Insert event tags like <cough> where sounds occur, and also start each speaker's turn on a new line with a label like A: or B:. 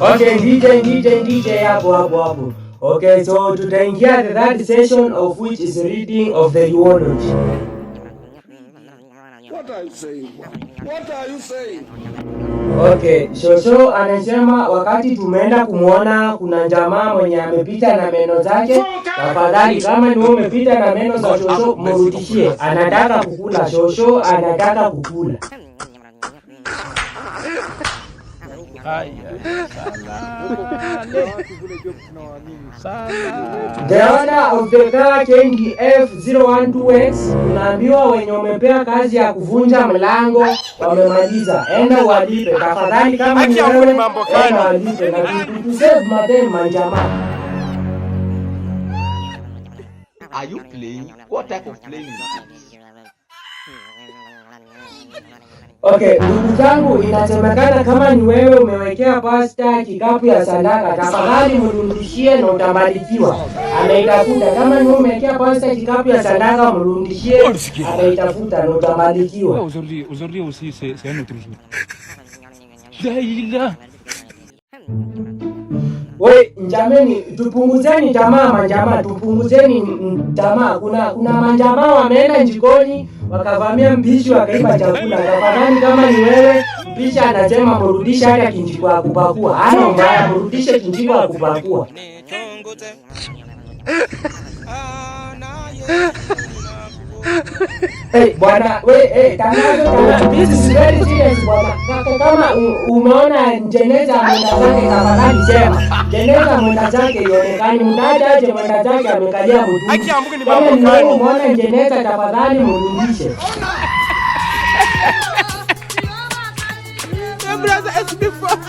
A: Okay, DJ, DJ, DJ, abu, abu, abu. Okay, so tutaingia the third session of which is reading of the eulogy.
B: What are you saying? What are you saying?
A: Okay, Shosho anasema wakati tumeenda kumwona kuna jamaa mwenye amepita na meno zake. Tafadhali kama ni umepita na meno za Shosho mrudishie. Anataka kukula Shosho, anataka kukula. The order of the car change F012X, unaambiwa wenye wamepea kazi ya kuvunja mlango wamemaliza, enda walipe tafadhali, kama ni wewe enda walipe na kitu to save
B: Are you playing? What type of playing is this?
A: Okay, ndugu zangu, inasemekana kama ni wewe umewekea pasta kikapu ya sadaka, tafadhali mrudishie na utabarikiwa. Anaitafuta. Kama ni wewe umewekea pasta kikapu ya sadaka, mrudishie, anaitafuta na utabarikiwa. Uzuri, uzuri usisi sehemu tulivu. La jameni tupunguzeni tamaa manjamaa tupunguzeni tamaa. Kuna kuna majamaa wameenda jikoni wakavamia mpishi wakaiba chakula. Kafanani kama ni wewe, mpishi anasema mrudishe hata kinjiko ya kupakua. Ana mbaya, mrudishe kinjiko ya Bwana we tangazo tangazo, this is very serious bwana. Kama umeona jeneza mwenda zake, tafadhali sema jeneza mwenda zake ionekane. Mnaajaje mwenda zake amekalia mtungi? Kama ni yaani umeona jeneza, tafadhali mrudishe <laughs> brother as before